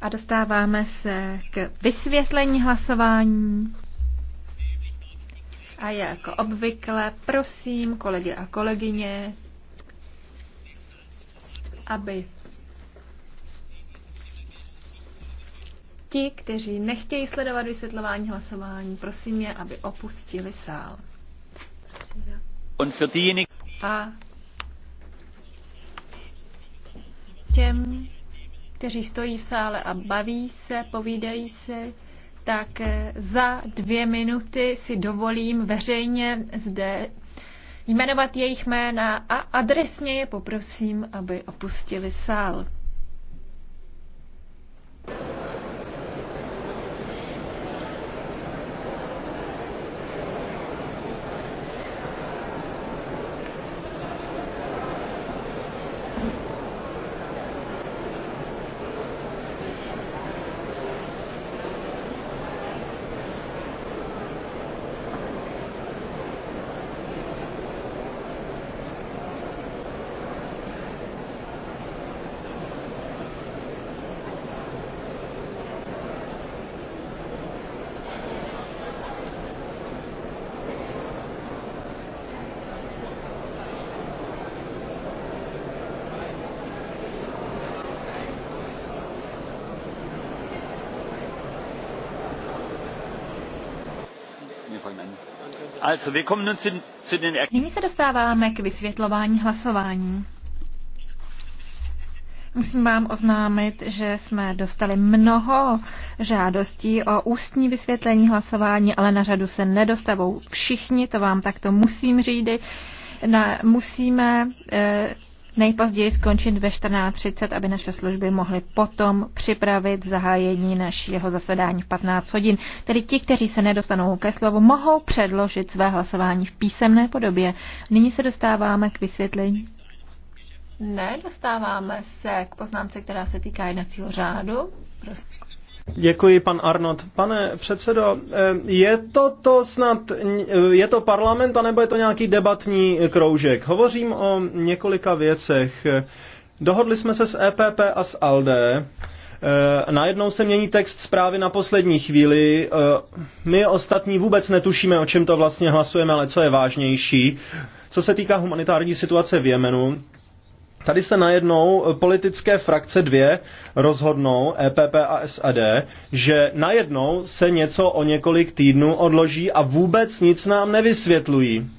A dostáváme se k vysvětlení hlasování. A jako obvykle prosím kolegy a kolegyně, aby ti, kteří nechtějí sledovat vysvětlování hlasování, prosím je, aby opustili sál. A těm, kteří stojí v sále a baví se, povídají se, tak eh, za dvě minuty si dovolím veřejně zde jmenovat jejich jména a adresně je poprosím, aby opustili sál. Nyní se dostáváme k vysvětlování hlasování. Musím vám oznámit, že jsme dostali mnoho žádostí o ústní vysvětlení hlasování, ale na řadu se nedostavou všichni, to vám takto musím říct. Na, musíme e, nejpozději skončit ve 14.30, aby naše služby mohly potom připravit zahájení našeho zasedání v 15 hodin. Tedy ti, kteří se nedostanou ke slovu, mohou předložit své hlasování v písemné podobě. Nyní se dostáváme k vysvětlení. Ne, dostáváme se k poznámce, která se týká jednacího řádu. Prosím. Děkuji, pan Arnold. Pane předsedo, eh, je to, to snad, eh, je to parlament, anebo je to nějaký debatní kroužek? Hovořím o několika věcech. Dohodli jsme se s EPP a s ALDE, eh, Najednou se mění text zprávy na poslední chvíli. My ostatní vůbec netušíme, o čem to vlastně hlasujeme, ale co je vážnější. Co se týká humanitární situace v Jemenu, Tady se najednou eh, politické frakce dvě rozhodnou, EPP a SAD, že najednou se něco o několik týdnů odloží a vůbec nic nám nevysvětlují.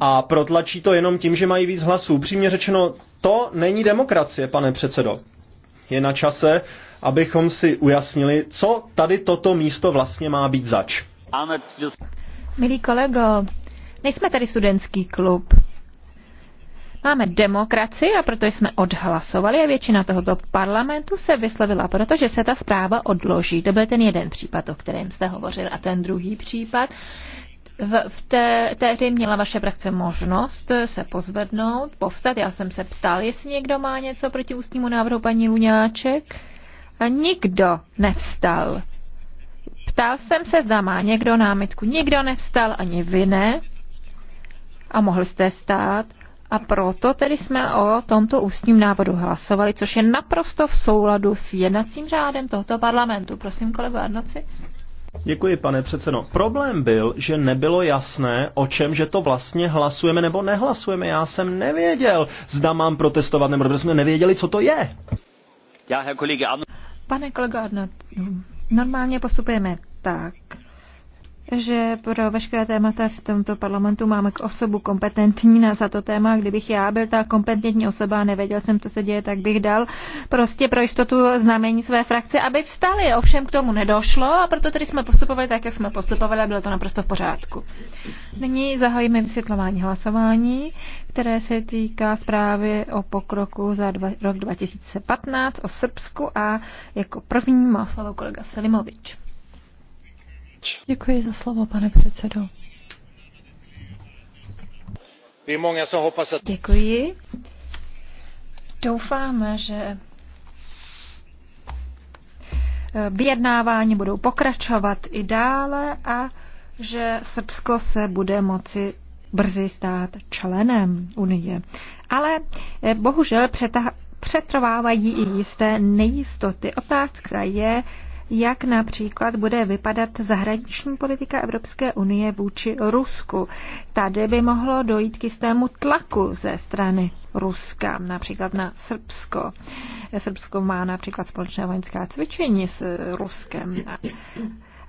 A protlačí to jenom tím, že mají víc hlasů. Přímě řečeno, to není demokracie, pane předsedo. Je na čase, abychom si ujasnili, co tady toto místo vlastně má být zač. Milí kolego, nejsme tady studentský klub Máme demokracii a proto jsme odhlasovali a většina tohoto parlamentu se vyslovila, protože se ta zpráva odloží. To byl ten jeden případ, o kterém jste hovořil. A ten druhý případ, v, v té, tehdy měla vaše frakce možnost se pozvednout, povstat. Já jsem se ptal, jestli někdo má něco proti ústnímu návrhu paní Luňáček. A nikdo nevstal. Ptal jsem se, zda má někdo námitku. Nikdo nevstal, ani vy ne. A mohl jste stát. A proto tedy jsme o tomto ústním návodu hlasovali, což je naprosto v souladu s jednacím řádem tohoto parlamentu. Prosím, kolego Arnoci. Děkuji, pane předsedo. Problém byl, že nebylo jasné, o čem, že to vlastně hlasujeme nebo nehlasujeme. Já jsem nevěděl, zda mám protestovat, nebo jsme nevěděli, co to je. Já, herr Pane kolego Arnold, normálně postupujeme tak, že pro veškeré témata v tomto parlamentu máme k osobu kompetentní na za to téma. Kdybych já byl ta kompetentní osoba a nevěděl jsem, co se děje, tak bych dal prostě pro jistotu znamení své frakce, aby vstali. Ovšem k tomu nedošlo a proto tedy jsme postupovali tak, jak jsme postupovali a bylo to naprosto v pořádku. Nyní zahajíme vysvětlování hlasování, které se týká zprávy o pokroku za dva, rok 2015 o Srbsku a jako první má slovo kolega Selimovič. Děkuji za slovo, pane předsedo. Děkuji. Doufáme, že eh, vyjednávání budou pokračovat i dále a že Srbsko se bude moci brzy stát členem Unie. Ale eh, bohužel přetrvávají i jisté nejistoty. Otázka je, jak například bude vypadat zahraniční politika Evropské unie vůči Rusku. Tady by mohlo dojít k jistému tlaku ze strany Ruska, například na Srbsko. Srbsko má například společné vojenská cvičení s Ruskem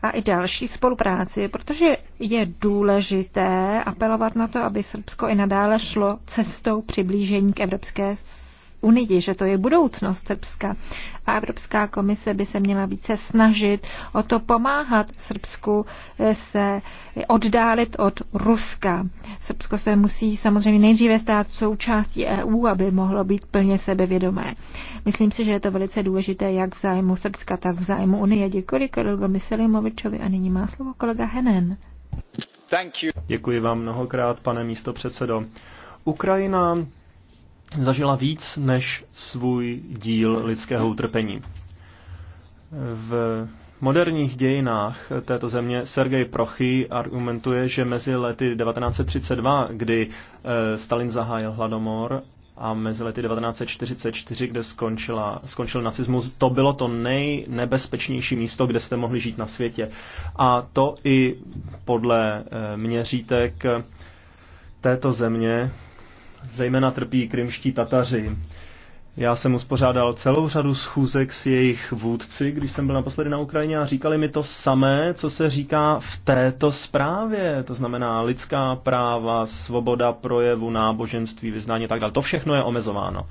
a i další spolupráci, protože je důležité apelovat na to, aby Srbsko i nadále šlo cestou přiblížení k Evropské unii, že to je budoucnost Srbska. A Evropská komise by se měla více snažit o to pomáhat Srbsku eh, se oddálit od Ruska. Srbsko se musí samozřejmě nejdříve stát součástí EU, aby mohlo být plně sebevědomé. Myslím si, že je to velice důležité jak v zájmu Srbska, tak v zájmu Unie. Děkuji kolego Miselimovičovi a nyní má slovo kolega Henen. Děkuji vám mnohokrát, pane místo předsedo. Ukrajina zažila víc než svůj díl lidského utrpení. V moderních dějinách této země Sergej Prochy argumentuje, že mezi lety 1932, kdy eh, Stalin zahájil hladomor, a mezi lety 1944, kde skončila, skončil nacismus, to bylo to nejnebezpečnější místo, kde jste mohli žít na světě. A to i podle eh, měřítek eh, této země, Zejména trpí krymští Tataři. Já jsem uspořádal celou řadu schůzek s jejich vůdci, když jsem byl naposledy na Ukrajině a říkali mi to samé, co se říká v této zprávě. To znamená lidská práva, svoboda projevu, náboženství, vyznání a tak dále. To všechno je omezováno.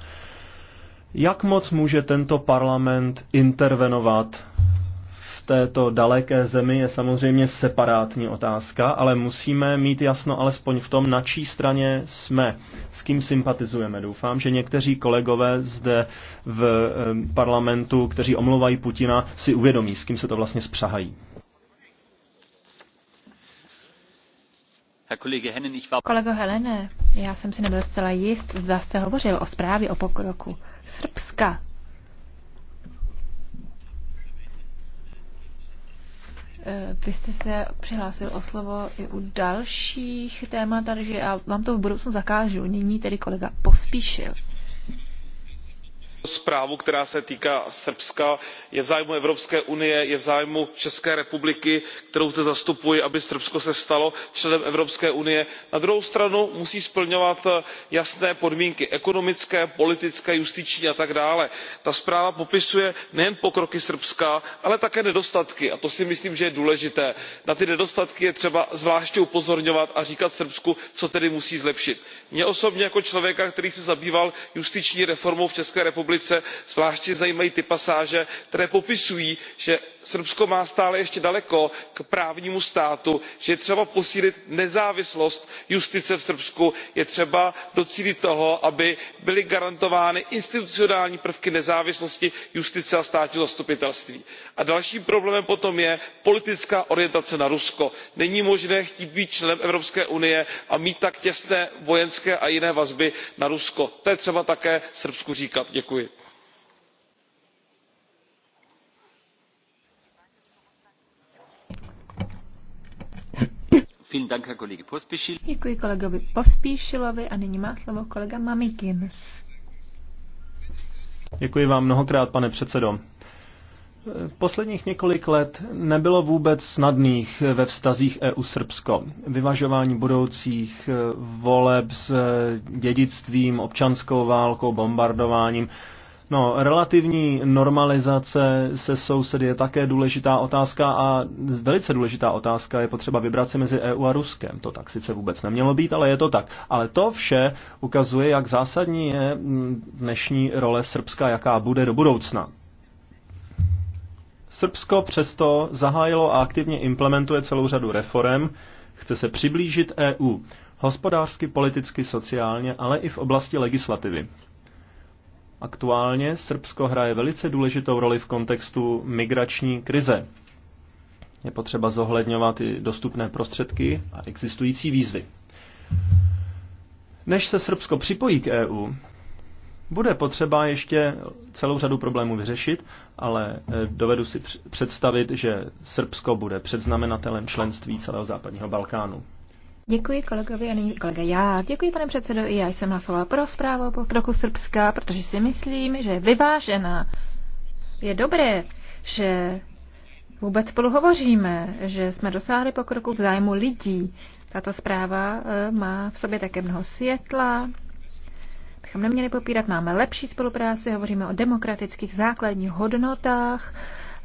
Jak moc může tento parlament intervenovat této daleké zemi je samozřejmě separátní otázka, ale musíme mít jasno alespoň v tom, na čí straně jsme, s kým sympatizujeme. Doufám, že někteří kolegové zde v parlamentu, kteří omlouvají Putina, si uvědomí, s kým se to vlastně spřahají. Kolego Helene, já jsem si nebyl zcela jist, zda jste hovořil o zprávě o pokroku Srbska Eh, vy jste se přihlásil o slovo i u dalších témat, takže já vám to v budoucnu zakážu. Nyní tedy kolega pospíšil zprávu která se týká srbska je v zájmu evropské unie je v zájmu české republiky kterou zde zastupuji aby se srbsko stalo členem evropské unie. na druhou stranu musí splňovat jasné podmínky ekonomické politické justiční a tak dále. ta zpráva popisuje nejen pokroky srbska ale také nedostatky a to si myslím že je důležité. na ty nedostatky je třeba zvláště upozorňovat a říkat srbsku co tedy musí zlepšit. mně osobně jako člověku který se zabýval justiční reformou v české republice republice zvláště zajímají ty pasáže které popisují že srbsko má stále ještě daleko k právnímu státu že je třeba posílit nezávislost justice v srbsku je třeba docílit toho aby byly garantovány institucionální prvky nezávislosti justice a státního zastupitelství. a dalším problémem potom je politická orientace na rusko. není možné chtít být členem evropské unie a mít tak těsné vojenské a jiné vazby na rusko. to je třeba také srbsku říkat děkuji. Děkuji kolegovi Pospíšilovi a nyní má slovo kolega Mamikins. Děkuji vám mnohokrát, pane předsedo. Posledních několik let nebylo vůbec snadných ve vztazích EU-Srbsko. Vyvažování budoucích eh, voleb s eh, dědictvím, občanskou válkou, bombardováním. No, relativní normalizace se sousedy je také důležitá otázka a velice důležitá otázka je potřeba vybrat si mezi EU a Ruskem. To tak sice vůbec nemělo být, ale je to tak. Ale to vše ukazuje, jak zásadní je mm, dnešní role Srbska, jaká bude do budoucna. Srbsko přesto zahájilo a aktivně implementuje celou řadu reform, chce se přiblížit EU, hospodářsky, politicky, sociálně, ale i v oblasti legislativy. Aktuálně Srbsko hraje velice důležitou roli v kontextu migrační krize. Je potřeba zohledňovat i dostupné prostředky a existující výzvy. Než se Srbsko připojí k EU, bude potřeba ještě celou řadu problémů vyřešit, ale eh, dovedu si představit, že Srbsko bude předznamenatelem členství celého západního Balkánu. Děkuji kolegovi a nyní kolega já. Děkuji, pane předsedo, i já jsem hlasovala pro zprávu po kroku Srbska, protože si myslím, že je vyvážená. Je dobré, že vůbec spolu hovoříme, že jsme dosáhli pokroku v zájmu lidí. Tato zpráva eh, má v sobě také mnoho světla, bychom neměli popírat. Máme lepší spolupráci, hovoříme o demokratických základních hodnotách,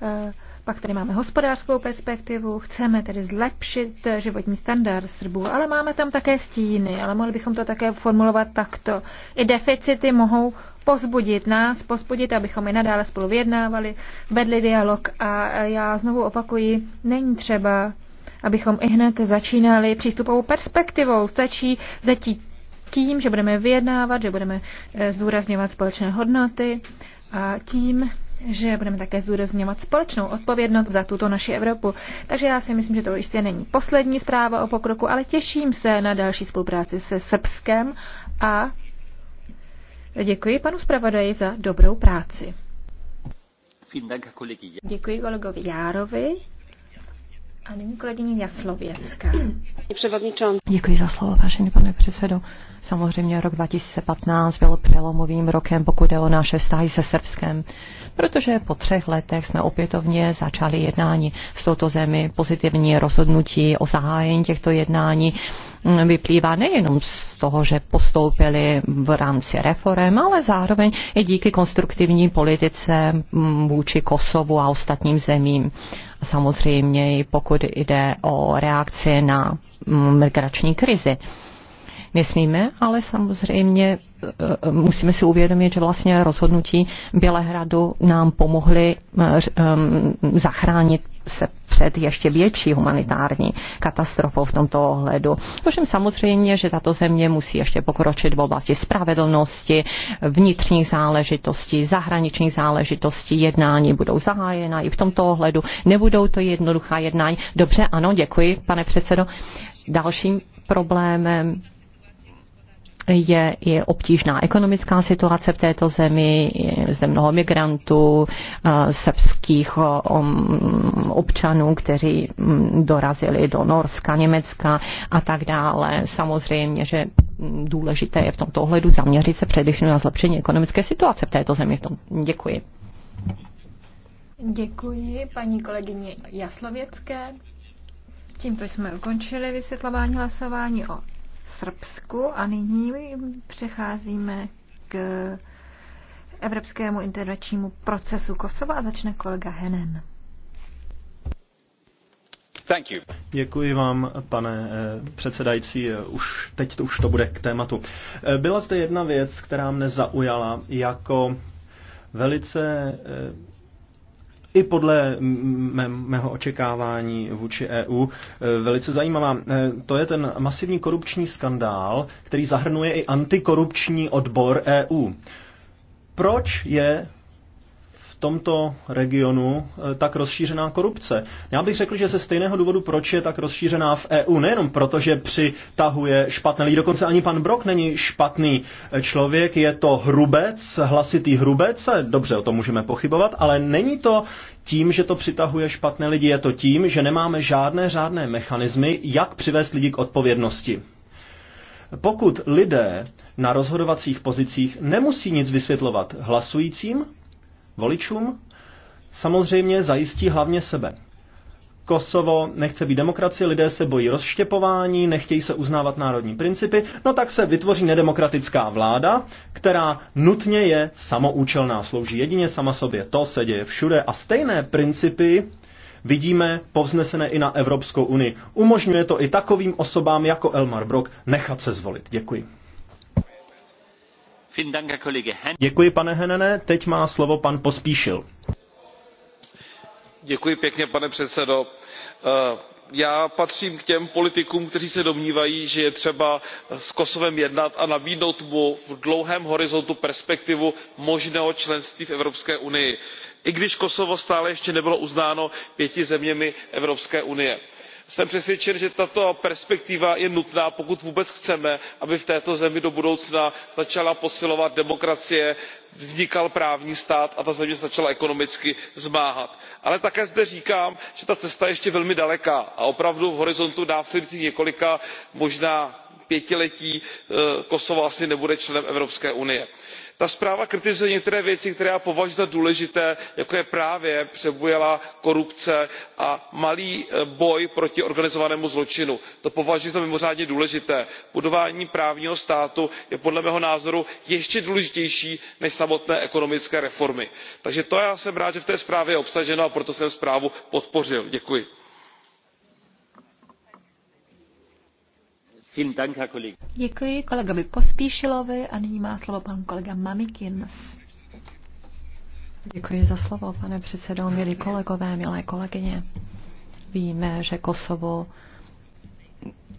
eh, pak tady máme hospodářskou perspektivu, chceme tedy zlepšit eh, životní standard Srbů, ale máme tam také stíny, ale mohli bychom to také formulovat takto. I deficity mohou pozbudit nás, pozbudit, abychom i nadále spolu vyjednávali, vedli dialog a já znovu opakuji, není třeba abychom i hned začínali přístupovou perspektivou. Stačí začít tím, že budeme vyjednávat, že budeme eh, zdůrazňovat společné hodnoty a tím, že budeme také zdůrazňovat společnou odpovědnost za tuto naši Evropu. Takže já si myslím, že to ještě není poslední zpráva o pokroku, ale těším se na další spolupráci se Srbskem a děkuji panu zpravodaji za dobrou práci. Děkuji kolegovi Járovi. A nyní kolegyně Jaslověcká. Děkuji za slovo, vážený pane předsedo. Samozřejmě rok 2015 byl přelomovým rokem, pokud jde o naše vztahy se Srbskem, protože po třech letech jsme opětovně začali jednání s touto zemi. Pozitivní rozhodnutí o zahájení těchto jednání mm, vyplývá nejenom z toho, že postoupili v rámci reform, ale zároveň i díky konstruktivní politice mm, vůči Kosovu a ostatním zemím samozřejmě i pokud jde o reakci na migrační krizi. Nesmíme, ale samozřejmě eh, musíme si uvědomit, že vlastně rozhodnutí Bělehradu nám pomohly eh, eh, zachránit se před ještě větší humanitární katastrofou v tomto ohledu. Ovšem samozřejmě, že tato země musí ještě pokročit v oblasti spravedlnosti, vnitřních záležitostí, zahraničních záležitostí, jednání budou zahájena i v tomto ohledu. Nebudou to jednoduchá jednání. Dobře, ano, děkuji, pane předsedo. Dalším problémem je, je obtížná ekonomická situace v této zemi, je zde mnoho migrantů, eh, srbských občanů, kteří mm, dorazili do Norska, Německa a tak dále. Samozřejmě, že důležité je v tomto ohledu zaměřit se především na zlepšení ekonomické situace v této zemi. V tom. Děkuji. Děkuji paní kolegyně Jaslověcké. Tímto jsme ukončili vysvětlování hlasování o Srbsku a nyní přecházíme k evropskému integračnímu procesu Kosova a začne kolega Henen. Thank you. Děkuji vám, pane eh, předsedající. Eh, už teď to, už to bude k tématu. Eh, byla zde jedna věc, která mne zaujala jako velice i podle mého očekávání vůči EU e, velice zajímavá. E, to je ten masivní korupční skandál, který zahrnuje i antikorupční odbor EU. Proč je tomto regionu eh, tak rozšířená korupce? Já bych řekl, že ze stejného důvodu, proč je tak rozšířená v EU, nejenom proto, že přitahuje špatné lidi, dokonce ani pan Brok není špatný eh, člověk, je to hrubec, hlasitý hrubec, dobře, o tom můžeme pochybovat, ale není to tím, že to přitahuje špatné lidi, je to tím, že nemáme žádné řádné mechanismy, jak přivést lidi k odpovědnosti. Pokud lidé na rozhodovacích pozicích nemusí nic vysvětlovat hlasujícím, voličům, samozřejmě zajistí hlavně sebe. Kosovo nechce být demokracie, lidé se bojí rozštěpování, nechtějí se uznávat národní principy, no tak se vytvoří nedemokratická vláda, která nutně je samoučelná, slouží jedině sama sobě. To se děje všude a stejné principy vidíme povznesené i na Evropskou unii. Umožňuje to i takovým osobám jako Elmar Brok nechat se zvolit. Děkuji. Děkuji, pane Henene. Teď má slovo pan Pospíšil. Děkuji pěkně, pane předsedo eh, já patřím k těm politikům kteří se domnívají že je třeba s kosovem jednat a nabídnout mu v dlouhém horizontu perspektivu možného členství v evropské unii i když kosovo stále ještě nebylo uznáno pěti zeměmi evropské unie jsem přesvědčen že tato perspektiva je nutná pokud vůbec chceme aby v této zemi do budoucna začala posilovat demokracie vznikal právní stát a ta země začala ekonomicky vzmáhat. ale také zde říkám že ta cesta je ještě velmi daleká a opravdu v horizontu následujících několika možná pětiletí eh, kosovo asi nebude členem evropské unie ta zpráva kritizuje některé věci které já považuji za důležité jako je právě přebujelá korupce a malý eh, boj proti organizovanému zločinu. to považuji za mimořádně důležité. budování právního státu je podle mého názoru ještě důležitější než samotné ekonomické reformy. takže to já jsem rád že v té zprávě je obsaženo a proto jsem zprávu podpořil. děkuji. Děkuji kolegovi Pospíšilovi a nyní má slovo pan kolega Mamikins. Děkuji za slovo, pane předsedo, milí kolegové, milé kolegyně. Víme, že Kosovo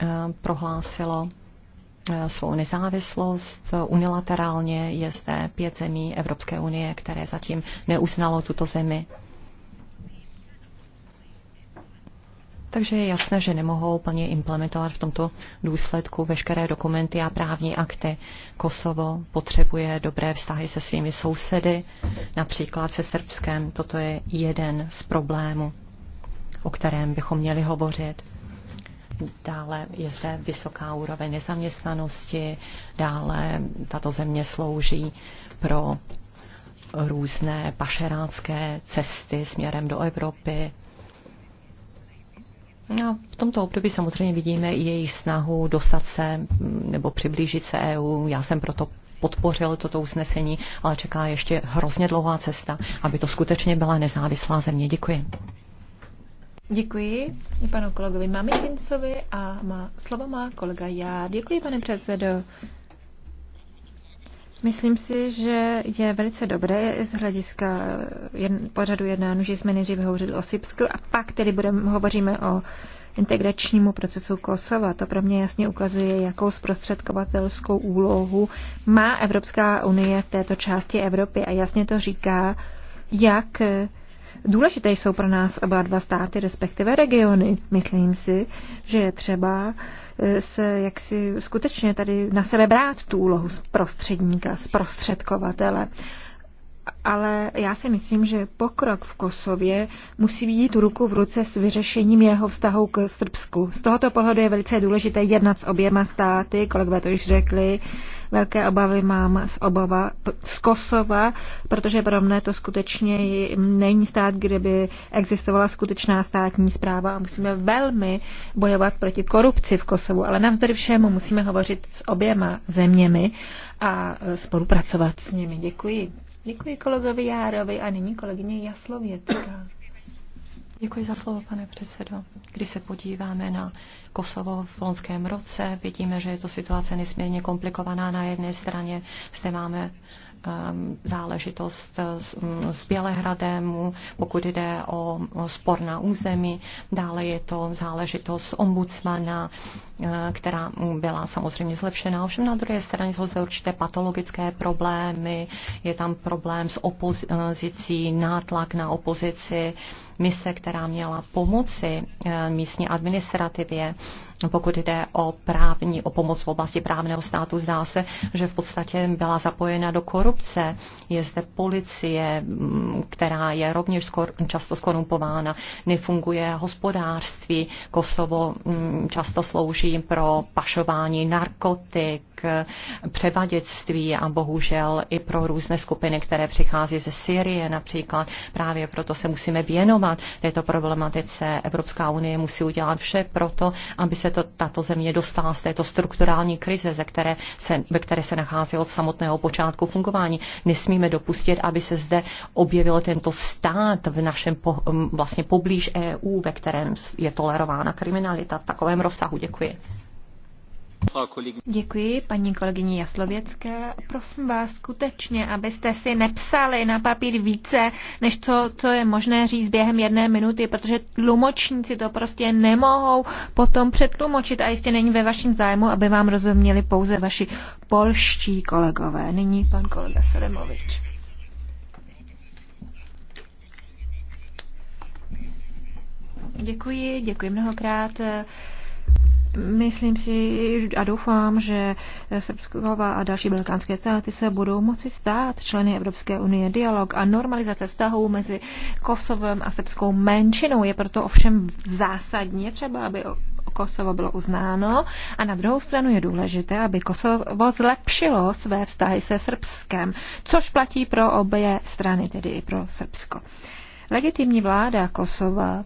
eh, prohlásilo eh, svou nezávislost. Unilaterálně je zde pět zemí Evropské unie, které zatím neuznalo tuto zemi Takže je jasné, že nemohou plně implementovat v tomto důsledku veškeré dokumenty a právní akty. Kosovo potřebuje dobré vztahy se svými sousedy, například se Srbskem. Toto je jeden z problémů, o kterém bychom měli hovořit. Dále je zde vysoká úroveň nezaměstnanosti, dále tato země slouží pro různé pašeránské cesty směrem do Evropy, No, v tomto období samozřejmě vidíme i jejich snahu dostat se nebo přiblížit se EU. Já jsem proto podpořil toto usnesení, ale čeká ještě hrozně dlouhá cesta, aby to skutečně byla nezávislá země. Děkuji. Děkuji panu kolegovi Mamikincovi a má, slovo má kolega Já. Děkuji, pane předsedo. Myslím si, že je velice dobré z hlediska jedn, pořadu jednání, že jsme nejdřív hovořili o Sipsku a pak tedy budeme, hovoříme o integračnímu procesu Kosova. To pro mě jasně ukazuje, jakou zprostředkovatelskou úlohu má Evropská unie v této části Evropy a jasně to říká, jak důležité jsou pro nás oba dva státy, respektive regiony. Myslím si, že je třeba eh, se jaksi skutečně tady na sebe brát tu úlohu z prostředníka, z prostředkovatele ale já si myslím, že pokrok v Kosově musí být ruku v ruce s vyřešením jeho vztahu k Srbsku. Z tohoto pohledu je velice důležité jednat s oběma státy, kolegové to již řekli. Velké obavy mám z, obava, z Kosova, protože pro mne to skutečně není stát, kde by existovala skutečná státní zpráva a musíme velmi bojovat proti korupci v Kosovu, ale navzdory všemu musíme hovořit s oběma zeměmi a spolupracovat s nimi. Děkuji. Děkuji kolegovi Járovi a nyní kolegyně Jaslově. Děkuji za slovo, pane předsedo. Když se podíváme na Kosovo v loňském roce, vidíme, že je to situace nesmírně komplikovaná. Na jedné straně zde máme um, záležitost s, mm, s Bělehradem, pokud jde o spor na území. Dále je to záležitost ombudsmana, Eh, která byla samozřejmě zlepšená. Ovšem na druhé straně jsou zde určité patologické problémy, je tam problém s opozicí, nátlak na opozici, mise, která měla pomoci eh, místní administrativě, pokud jde o právní, o pomoc v oblasti právného státu, zdá se, že v podstatě byla zapojena do korupce. Je zde policie, mm, která je rovněž skor, často skorumpována, nefunguje hospodářství, Kosovo mm, často slouží především pro pašování narkotik, převaděctví a bohužel i pro různé skupiny, které přichází ze Syrie například. Právě proto se musíme věnovat této problematice. Evropská unie musí udělat vše proto, aby se to, tato země dostala z této strukturální krize, ze které se, ve které se nachází od samotného počátku fungování. Nesmíme dopustit, aby se zde objevil tento stát v našem po, vlastně poblíž EU, ve kterém je tolerována kriminalita v takovém rozsahu. Děkuji. Děkuji paní kolegyni Jaslověcké. Prosím vás skutečně, abyste si nepsali na papír více, než to, co je možné říct během jedné minuty, protože tlumočníci to prostě nemohou potom přetlumočit a jistě není ve vašem zájmu, aby vám rozuměli pouze vaši polští kolegové. Nyní pan kolega Seremovič. Děkuji, děkuji mnohokrát. Myslím si a doufám, že Srbskova a další balkánské státy se budou moci stát členy Evropské unie. Dialog a normalizace vztahů mezi Kosovem a srbskou menšinou je proto ovšem zásadně třeba, aby Kosovo bylo uznáno a na druhou stranu je důležité, aby Kosovo zlepšilo své vztahy se Srbskem, což platí pro obě strany, tedy i pro Srbsko. Legitimní vláda Kosova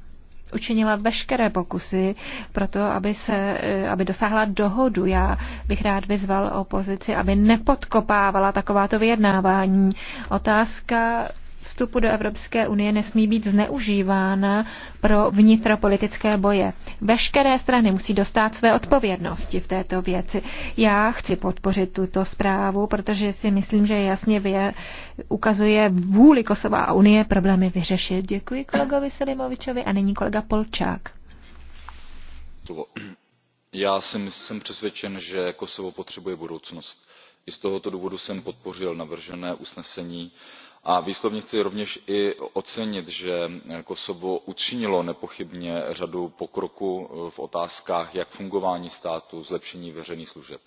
učinila veškeré pokusy pro to, aby, se, e, aby dosáhla dohodu. Já bych rád vyzval opozici, aby nepodkopávala takováto vyjednávání. Otázka vstupu do Evropské unie nesmí být zneužívána pro vnitropolitické boje. Veškeré strany musí dostat své odpovědnosti v této věci. Já chci podpořit tuto zprávu, protože si myslím, že jasně vě, ukazuje vůli Kosova a Unie problémy vyřešit. Děkuji kolegovi Selimovičovi a nyní kolega Polčák. Já jsem, jsem přesvědčen, že Kosovo potřebuje budoucnost. I z tohoto důvodu jsem podpořil navržené usnesení a výslovně chci rovněž i ocenit že eh, kosovo učinilo nepochybně řadu pokroků eh, v otázkách jak fungování státu zlepšení veřejných služeb.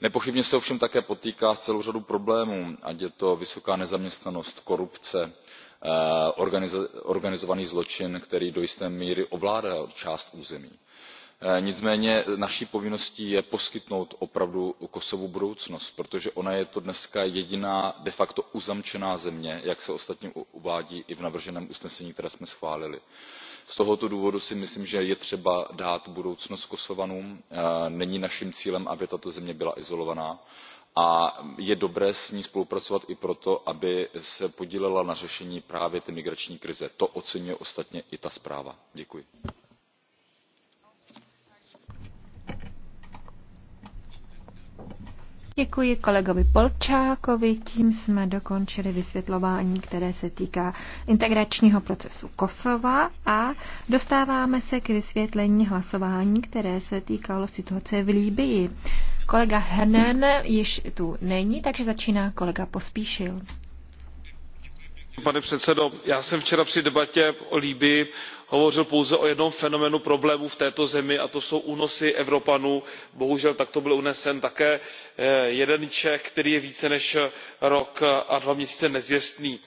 nepochybně se ovšem také potýká s celou řadou problémů ať je to vysoká nezaměstnanost korupce eh, organizovaný zločin který do jisté míry ovládá část území. Eh, nicméně naší povinností je poskytnout opravdu kosovu budoucnost protože ono je to dnes jediná de facto uzamčená země jak se ostatně uvádí i v navrženém usnesení které jsme schválili. z tohoto důvodu si myslím že je třeba dát budoucnost kosovanům eh, není naším cílem aby tato země byla izolovaná a je dobré s ní spolupracovat i proto aby se podílela na řešení právě té migrační krize. to oceňuje ostatně i ta zpráva. děkuji. Děkuji kolegovi Polčákovi, tím jsme dokončili vysvětlování, které se týká integračního procesu Kosova a dostáváme se k vysvětlení hlasování, které se týkalo situace v Líbii. Kolega Henen již tu není, takže začíná kolega Pospíšil pane předsedo, já jsem včera při debatě o libyi hovořil pouze o jednom fenoménu problému v této zemi a to jsou únosy evropanů. bohužel takto byl unesen také eh, jeden čech který je více než rok a dva měsíce nezvěstný.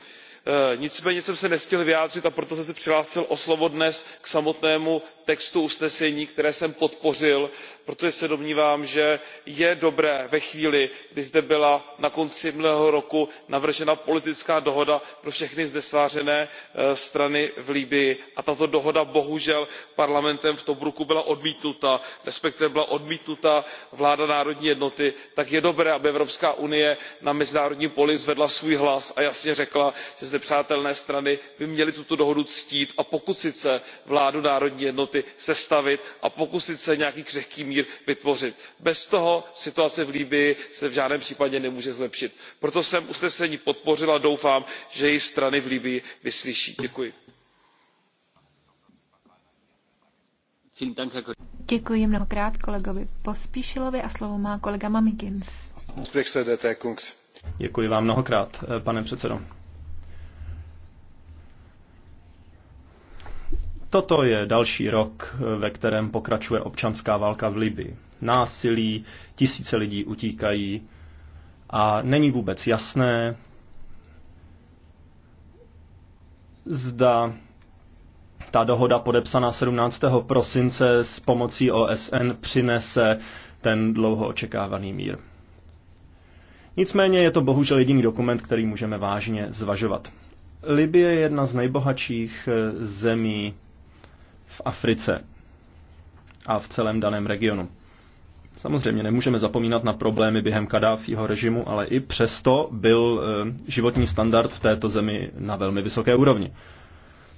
Eh, nicméně jsem se nestihl vyjádřit a proto jsem se přihlásil o slovo dnes k samotnému textu usnesení které jsem podpořil protože se domnívám že je dobré ve chvíli kdy zde byla na konci minulého roku navržena politická dohoda pro všechny zdesvářené eh, strany v libyi a tato dohoda bohužel parlamentem v tobruku byla odmítnuta respektive byla odmítnuta vláda národní jednoty tak je dobré aby evropská unie na mezinárodním poli zvedla svůj hlas a jasně řekla že znepřátelené strany by měly tuto dohodu ctít a pokusit se vládu národní jednoty sestavit a pokusit se nějaký křehký mír vytvořit. bez toho se situace v libyi v žádném případě nemůže zlepšit. proto jsem usnesení podpořil a doufám že jej strany v libyi vyslyší. děkuji. a slovo má kolega Děkuji vám pane předsedo Toto je další rok, ve kterém pokračuje občanská válka v Libii. Násilí, tisíce lidí utíkají a není vůbec jasné, zda ta dohoda podepsaná 17. prosince s pomocí OSN přinese ten dlouho očekávaný mír. Nicméně je to bohužel jediný dokument, který můžeme vážně zvažovat. Libie je jedna z nejbohatších eh, zemí v Africe a v celém daném regionu. Samozřejmě nemůžeme zapomínat na problémy během Kadáfího režimu, ale i přesto byl eh, životní standard v této zemi na velmi vysoké úrovni.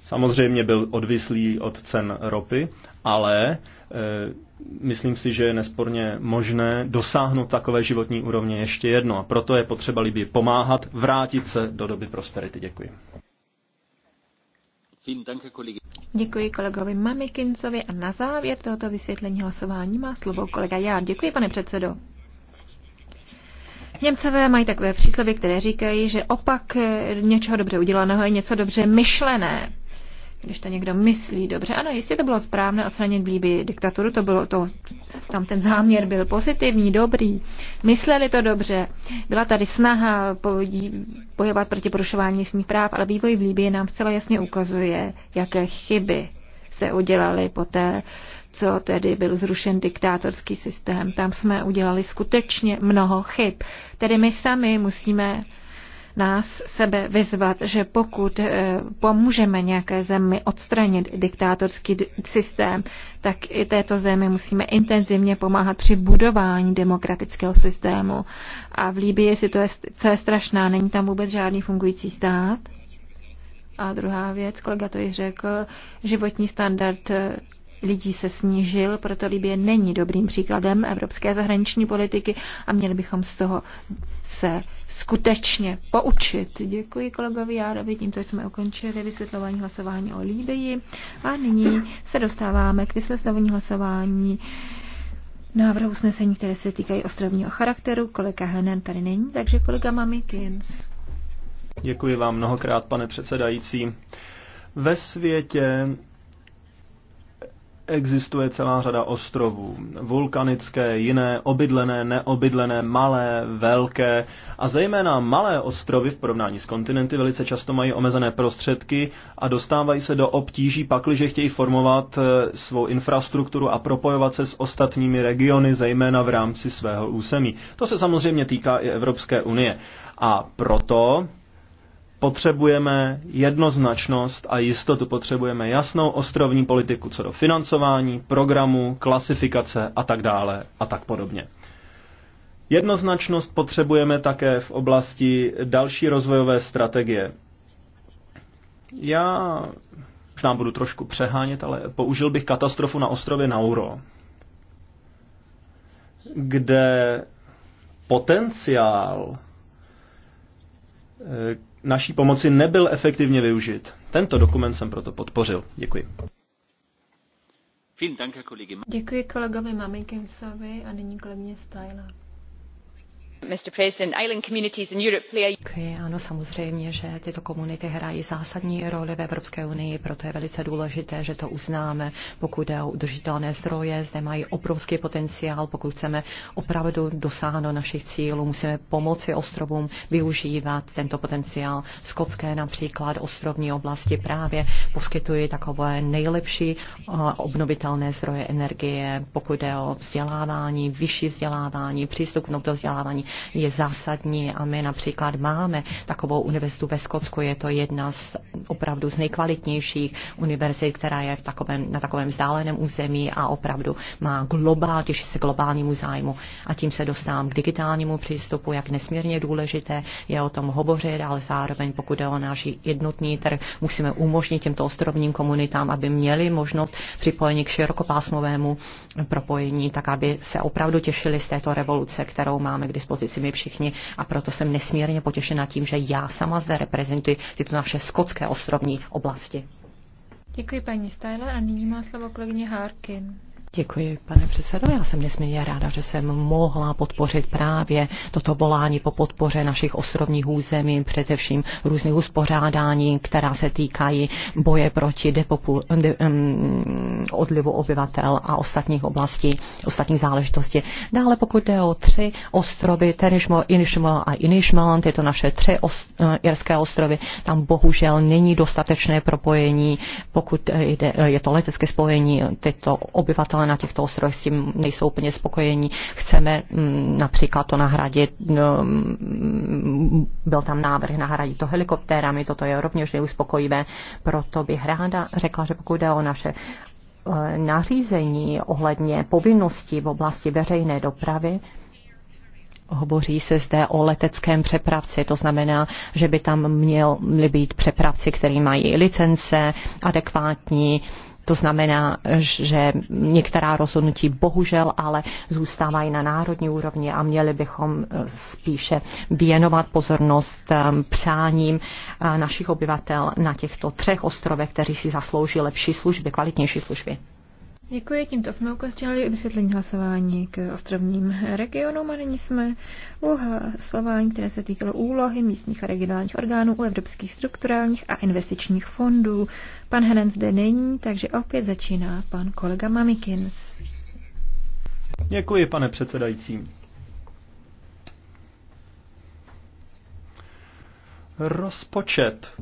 Samozřejmě byl odvislý od cen ropy, ale e, myslím si, že je nesporně možné dosáhnout takové životní úrovně ještě jedno. A proto je potřeba Libii pomáhat vrátit se do doby prosperity. Děkuji. Děkuji kolegovi Mamikincovi a na závěr tohoto vysvětlení hlasování má slovo kolega Jár. Děkuji, pane předsedo. Němcové mají takové přísloví, které říkají, že opak něčeho dobře udělaného je něco dobře myšlené když to někdo myslí dobře. Ano, jistě to bylo správné odstranit v Líbii diktaturu, to bylo to, tam ten záměr byl pozitivní, dobrý, mysleli to dobře. Byla tady snaha bojovat proti porušování místních práv, ale vývoj v Líbii nám zcela jasně ukazuje, jaké chyby se udělaly poté, co tedy byl zrušen diktátorský systém. Tam jsme udělali skutečně mnoho chyb. Tedy my sami musíme nás sebe vyzvat, že pokud eh, pomůžeme nějaké zemi odstranit diktátorský systém, tak i této zemi musíme intenzivně pomáhat při budování demokratického systému. A v Líbě si to je je strašná, není tam vůbec žádný fungující stát. A druhá věc, kolega to již řekl, životní standard eh, lidí se snížil, proto Libie není dobrým příkladem evropské zahraniční politiky a měli bychom z toho se skutečně poučit. Děkuji kolegovi Járovi, tímto jsme ukončili vysvětlování hlasování o Líbeji a nyní se dostáváme k vysvětlování hlasování návrhu usnesení, které se týkají ostrovního charakteru. Kolega Henen tady není, takže kolega Mamikins. Děkuji vám mnohokrát, pane předsedající. Ve světě existuje celá řada ostrovů. Vulkanické, jiné, obydlené, neobydlené, malé, velké a zejména malé ostrovy v porovnání s kontinenty velice často mají omezené prostředky a dostávají se do obtíží pakliže chtějí formovat eh, svou infrastrukturu a propojovat se s ostatními regiony, zejména v rámci svého území. To se samozřejmě týká i Evropské unie. A proto potřebujeme jednoznačnost a jistotu. Potřebujeme jasnou ostrovní politiku co do financování, programu, klasifikace a tak dále a tak podobně. Jednoznačnost potřebujeme také v oblasti další rozvojové strategie. Já možná budu trošku přehánět, ale použil bych katastrofu na ostrově Nauro, kde potenciál eh, naší pomoci nebyl efektivně využit. Tento dokument jsem proto podpořil. Děkuji. Děkuji kolegovi Maminkinsovi a nyní kolegyně Stajlák ano, samozřejmě, že tyto komunity hrají zásadní roli v Evropské unii, proto je velice důležité, že to uznáme. Pokud jde o udržitelné zdroje, zde mají obrovský potenciál. Pokud chceme opravdu dosáhnout našich cílů, musíme pomoci ostrovům využívat tento potenciál. Skotské například ostrovní oblasti právě poskytují takové nejlepší eh, obnovitelné zdroje energie, pokud jde o vzdělávání, vyšší vzdělávání, přístup k vzdělávání je zásadní a my například máme takovou univerzitu ve Skotsku, je to jedna z opravdu z nejkvalitnějších univerzit, která je v takovém, na takovém vzdáleném území a opravdu má globál, těší se globálnímu zájmu. A tím se dostávám k digitálnímu přístupu, jak nesmírně důležité je o tom hovořit, ale zároveň pokud je o náš jednotný trh, musíme umožnit těmto ostrovním komunitám, aby měli možnost připojení k širokopásmovému propojení, tak aby se opravdu těšili z této revoluce, kterou máme k dispozici dispozici my všichni a proto jsem nesmírně potěšena tím, že já sama zde reprezentuji tyto naše skotské ostrovní oblasti. Děkuji paní Steiner a nyní má slovo kolegyně Harkin. Děkuji, pane předsedo. Já jsem nesmírně ráda, že jsem mohla podpořit právě toto volání po podpoře našich ostrovních území, především různých uspořádání, která se týkají boje proti depopu, de, um, odlivu obyvatel a ostatních oblastí, ostatních záležitostí. Dále pokud jde o tři ostrovy, Tenismo, Inishmal a Inishmalan, tyto naše tři ost, uh, eh, jirské ostrovy, tam bohužel není dostatečné propojení, pokud jde, je to letecké spojení, tyto obyvatelé obyvatelé na těchto ostrovech s tím nejsou úplně spokojení. Chceme mm, například to nahradit, no, mm, byl tam návrh nahradit to helikoptérami, toto je rovněž neuspokojivé, proto bych ráda řekla, že pokud jde o naše eh, nařízení ohledně povinností v oblasti veřejné dopravy, Hovoří se zde o leteckém přepravci, to znamená, že by tam měli být přepravci, kteří mají licence adekvátní, to znamená, že některá rozhodnutí bohužel ale zůstávají na národní úrovni a měli bychom eh, spíše věnovat pozornost eh, přáním eh, našich obyvatel na těchto třech ostrovech, kteří si zaslouží lepší služby, kvalitnější služby. Děkuji, tímto jsme ukončili vysvětlení hlasování k ostrovním regionům a nyní jsme u hlasování, které se týkalo úlohy místních a regionálních orgánů u evropských strukturálních a investičních fondů. Pan Henen zde není, takže opět začíná pan kolega Mamikins. Děkuji, pane předsedající. Rozpočet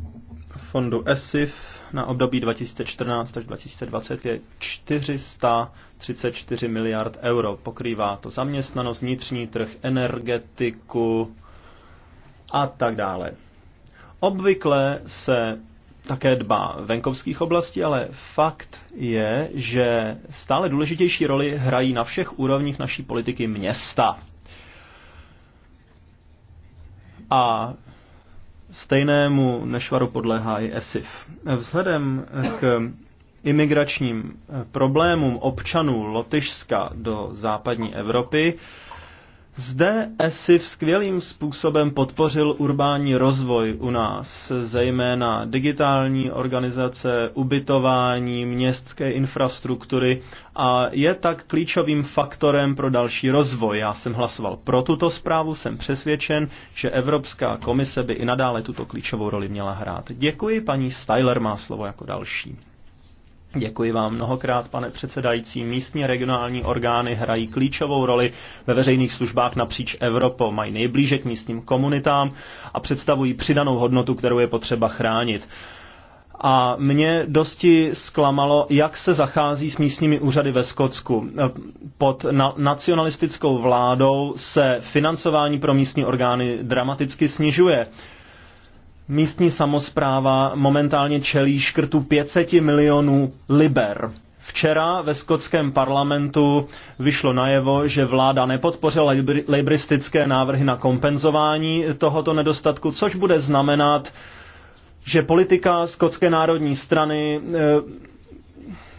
fondu ESIF na období 2014 až 2020 je 434 miliard euro. Pokrývá to zaměstnanost, vnitřní trh, energetiku a tak dále. Obvykle se také dbá venkovských oblastí, ale fakt je, že stále důležitější roli hrají na všech úrovních naší politiky města. A Stejnému nešvaru podléhá i ESIF. Vzhledem k imigračním problémům občanů Lotyšska do západní Evropy zde v skvělým způsobem podpořil urbání rozvoj u nás, zejména digitální organizace, ubytování, městské infrastruktury a je tak klíčovým faktorem pro další rozvoj. Já jsem hlasoval pro tuto zprávu, jsem přesvědčen, že Evropská komise by i nadále tuto klíčovou roli měla hrát. Děkuji, paní Styler má slovo jako další. Děkuji vám mnohokrát, pane předsedající. Místní regionální orgány hrají klíčovou roli ve veřejných službách napříč Evropou, mají nejblíže k místním komunitám a představují přidanou hodnotu, kterou je potřeba chránit. A mě dosti zklamalo, jak se zachází s místními úřady ve Skotsku. Pod na- nacionalistickou vládou se financování pro místní orgány dramaticky snižuje místní samozpráva momentálně čelí škrtu 500 milionů liber. Včera ve skotském parlamentu vyšlo najevo, že vláda nepodpořila libristické návrhy na kompenzování tohoto nedostatku, což bude znamenat, že politika skotské národní strany eh,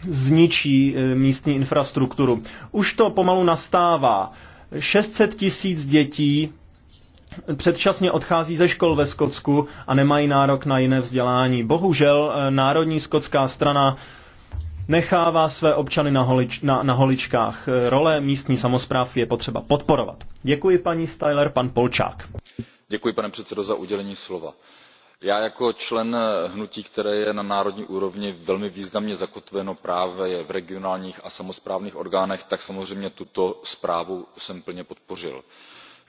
zničí eh, místní infrastrukturu. Už to pomalu nastává. 600 tisíc dětí předčasně odchází ze škol ve Skotsku a nemají nárok na jiné vzdělání. Bohužel eh, Národní skotská strana nechává své občany na, holič, na, na holičkách. Eh, role místní samozpráv je potřeba podporovat. Děkuji paní Styler, pan Polčák. Děkuji pane předsedo za udělení slova. Já jako člen eh, hnutí, které je na národní úrovni velmi významně zakotveno právě v regionálních a samozprávných orgánech, tak samozřejmě tuto zprávu jsem plně podpořil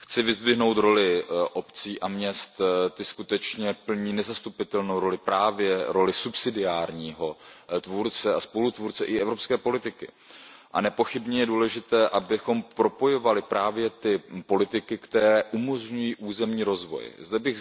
chci vyzdvihnout roli eh, obcí a měst eh, ty skutečně plní nezastupitelnou roli právě roli subsidiárního eh, tvůrce a spolutvůrce i evropské politiky a nepochybně je důležité abychom propojovali právě ty politiky které umožňují územní rozvoj. zde bych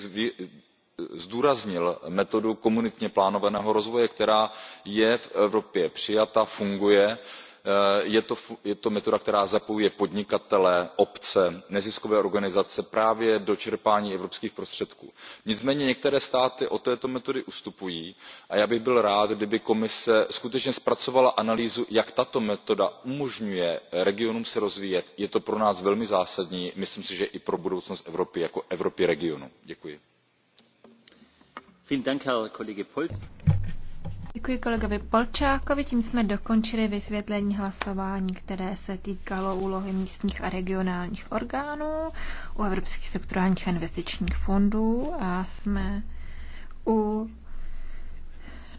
zdůraznil metodu komunitně plánovaného rozvoje která je v evropě přijata funguje Eh, je to metoda která zapojuje podnikatele obce neziskové organizace právě do čerpání evropských prostředků. nicméně některé státy od této metody ustupují a já bych byl rád kdyby komise skutečně zpracovala analýzu jak tato metoda umožňuje regionům se rozvíjet je to pro nás velmi zásadní myslím si že i pro budoucnost evropy jako evropy regionů. děkuji. Děkuji kolegovi Polčákovi, tím jsme dokončili vysvětlení hlasování, které se týkalo úlohy místních a regionálních orgánů u evropských sektorálních investičních fondů a jsme u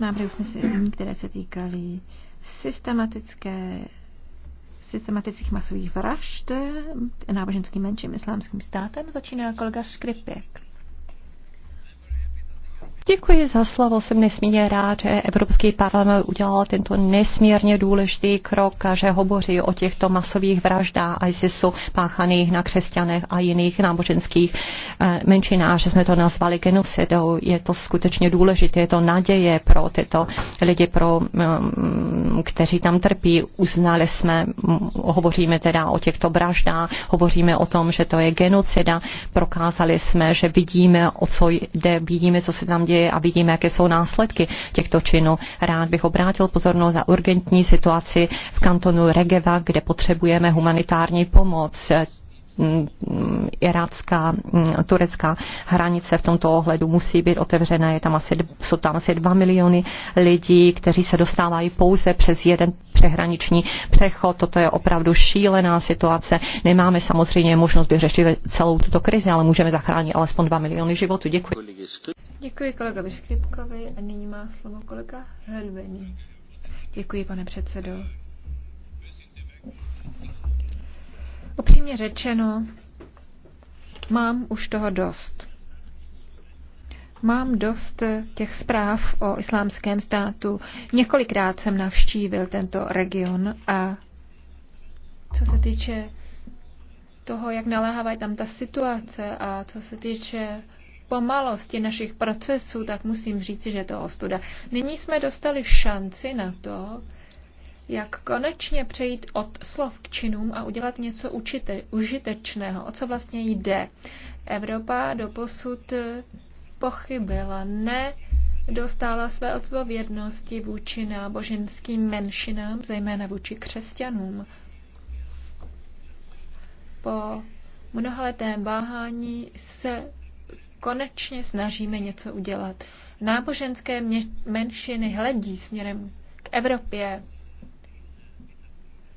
návrhu usnesení, které se týkaly systematické systematických masových vražd náboženským menším islámským státem, začíná kolega Škripěk. Děkuji za slovo. Jsem nesmírně rád, že Evropský parlament udělal tento nesmírně důležitý krok a že hovoří o těchto masových vraždách ISISu páchaných na křesťanech a jiných náboženských eh, menšinách, že jsme to nazvali genocidou. Je to skutečně důležité, je to naděje pro tyto lidi, pro, mm, kteří tam trpí. Uznali jsme, mm, hovoříme teda o těchto vraždách, hovoříme o tom, že to je genocida. Prokázali jsme, že vidíme, o co jde, vidíme, co se tam děje lži a vidíme, jaké jsou následky těchto činů. Rád bych obrátil pozornost na urgentní situaci v kantonu Regeva, kde potřebujeme humanitární pomoc. Mm, irácká, mm, turecká hranice v tomto ohledu musí být otevřena. Je tam asi, jsou tam asi 2 miliony lidí, kteří se dostávají pouze přes jeden přehraniční přechod. Toto je opravdu šílená situace. Nemáme samozřejmě možnost vyřešit celou tuto krizi, ale můžeme zachránit alespoň 2 miliony životů. Děkuji. Děkuji kolegovi Škripkovi a nyní má slovo kolega Helveni. Děkuji, pane předsedo. Upřímně řečeno, mám už toho dost. Mám dost těch zpráv o islámském státu. Několikrát jsem navštívil tento region a co se týče toho, jak naléhavá je tam ta situace a co se týče pomalosti našich procesů, tak musím říci, že je to ostuda. Nyní jsme dostali šanci na to, jak konečně přejít od slov k činům a udělat něco učite, užitečného, o co vlastně jde. Evropa doposud pochybila, ne dostala své odpovědnosti vůči náboženským menšinám, zejména vůči křesťanům. Po mnohaletém váhání se konečně snažíme něco udělat. Náboženské menšiny hledí směrem k Evropě,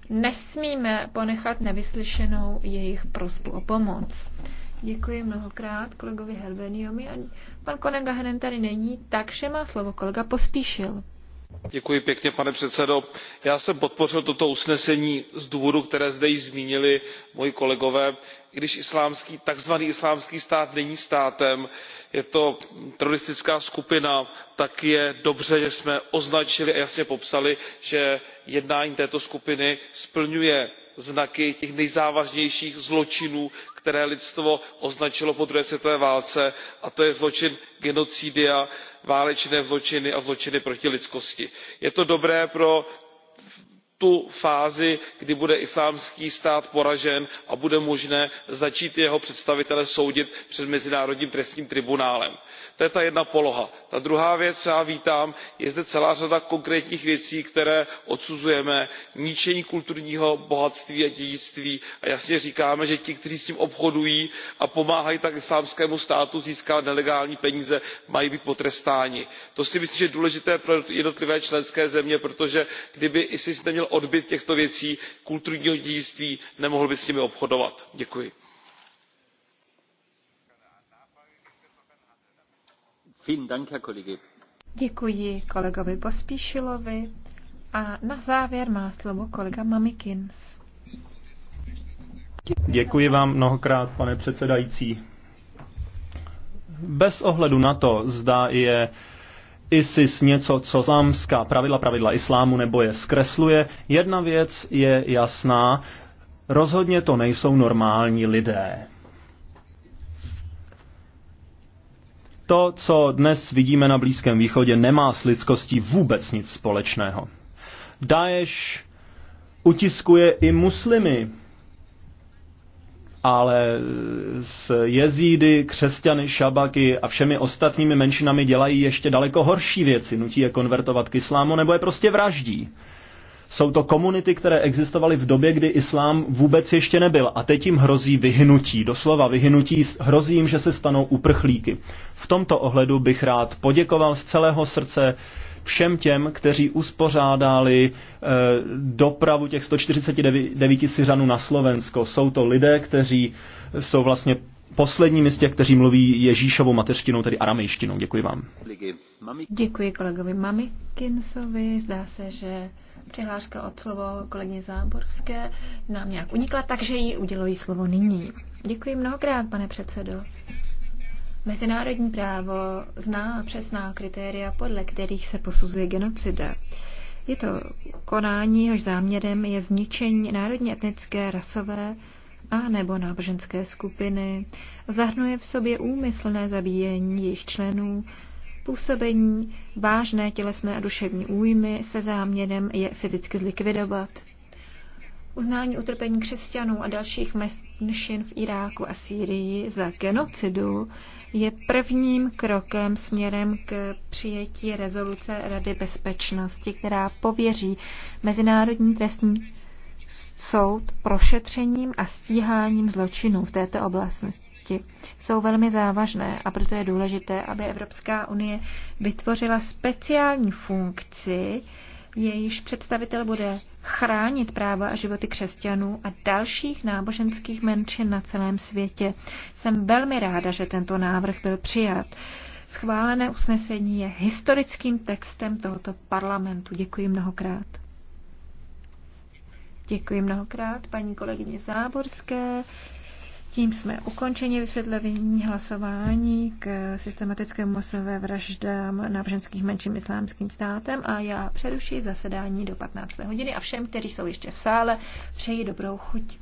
nesmíme ponechat nevyslyšenou jejich prosbu o pomoc. Děkuji mnohokrát kolegovi Herbeniomi. Pan kolega Henen tady není, takže má slovo kolega Pospíšil pane předsedající já jsem podpořil toto usnesení z důvodů které zde již zmínili moji kolegové. i když tzv. islámský stát není státem je to teroristická skupina tak je dobře že jsme označili a jasně popsali že jednání této skupiny splňuje znaky těch nejzávažnějších zločinů které které lidstvo označilo po druhé světové válce a to je zločin genocidia válečné zločiny a zločiny proti lidskosti. je to dobré pro tu fázi kdy bude islámský stát poražen a bude možné začít jeho představitele soudit před mezinárodním trestním tribunálem. to je ta jedna poloha. ta druhá věc kterou já vítám je zde celá řada konkrétních věcí které odsuzujeme ničení kulturního bohatství a dědictví a jasně říkáme že ti kteří s tím obchodují a pomáhají tak islámskému státu získávat nelegální peníze mají být potrestáni. to si myslím že je důležité pro jednotlivé členské země protože kdyby is neměl odbyt těchto věcí kulturního dědictví nemohl by s nimi obchodovat. děkuji. Děkuji kolegovi Pospíšilovi a na závěr má slovo kolega Mamikins. Děkuji vám mnohokrát, pane předsedající. Bez ohledu na to, zda je ISIS něco, co islámská pravidla, pravidla islámu nebo je zkresluje. Jedna věc je jasná, rozhodně to nejsou normální lidé. To, co dnes vidíme na Blízkém východě, nemá s lidskostí vůbec nic společného. Daesh utiskuje i muslimy, ale s jezídy, křesťany, šabaky a všemi ostatními menšinami dělají ještě daleko horší věci. Nutí je konvertovat k islámu nebo je prostě vraždí. Jsou to komunity, které existovaly v době, kdy islám vůbec ještě nebyl a teď jim hrozí vyhnutí, doslova vyhnutí, hrozí jim, že se stanou uprchlíky. V tomto ohledu bych rád poděkoval z celého srdce všem těm, kteří uspořádali eh, dopravu těch 149 Syřanů na Slovensko. Jsou to lidé, kteří jsou vlastně posledními z těch, kteří mluví Ježíšovou mateřštinou, tedy aramejštinou. Děkuji vám. Děkuji kolegovi Mamikinsovi. Zdá se, že přihláška od slovo kolegyně Záborské nám nějak unikla, takže jí udělují slovo nyní. Děkuji mnohokrát, pane předsedo. Mezinárodní právo zná přesná kritéria, podle kterých se posuzuje genocida. Je to konání, jehož záměrem je zničení národně etnické, rasové a nebo náboženské skupiny. Zahrnuje v sobě úmyslné zabíjení jejich členů, působení vážné tělesné a duševní újmy se záměrem je fyzicky zlikvidovat uznání utrpení křesťanů a dalších menšin v Iráku a Sýrii za genocidu je prvním krokem směrem k přijetí rezoluce Rady bezpečnosti, která pověří Mezinárodní trestní soud prošetřením a stíháním zločinů v této oblasti jsou velmi závažné a proto je důležité, aby Evropská unie vytvořila speciální funkci, jejíž představitel bude chránit práva a životy křesťanů a dalších náboženských menšin na celém světě. Jsem velmi ráda, že tento návrh byl přijat. Schválené usnesení je historickým textem tohoto parlamentu. Děkuji mnohokrát. Děkuji mnohokrát paní kolegyně Záborské. Tím jsme ukončeni vysvětlení hlasování k systematickému masové vraždám náboženských menším islámským státem a já přeruší zasedání do 15. hodiny a všem, kteří jsou ještě v sále, přeji dobrou chuť.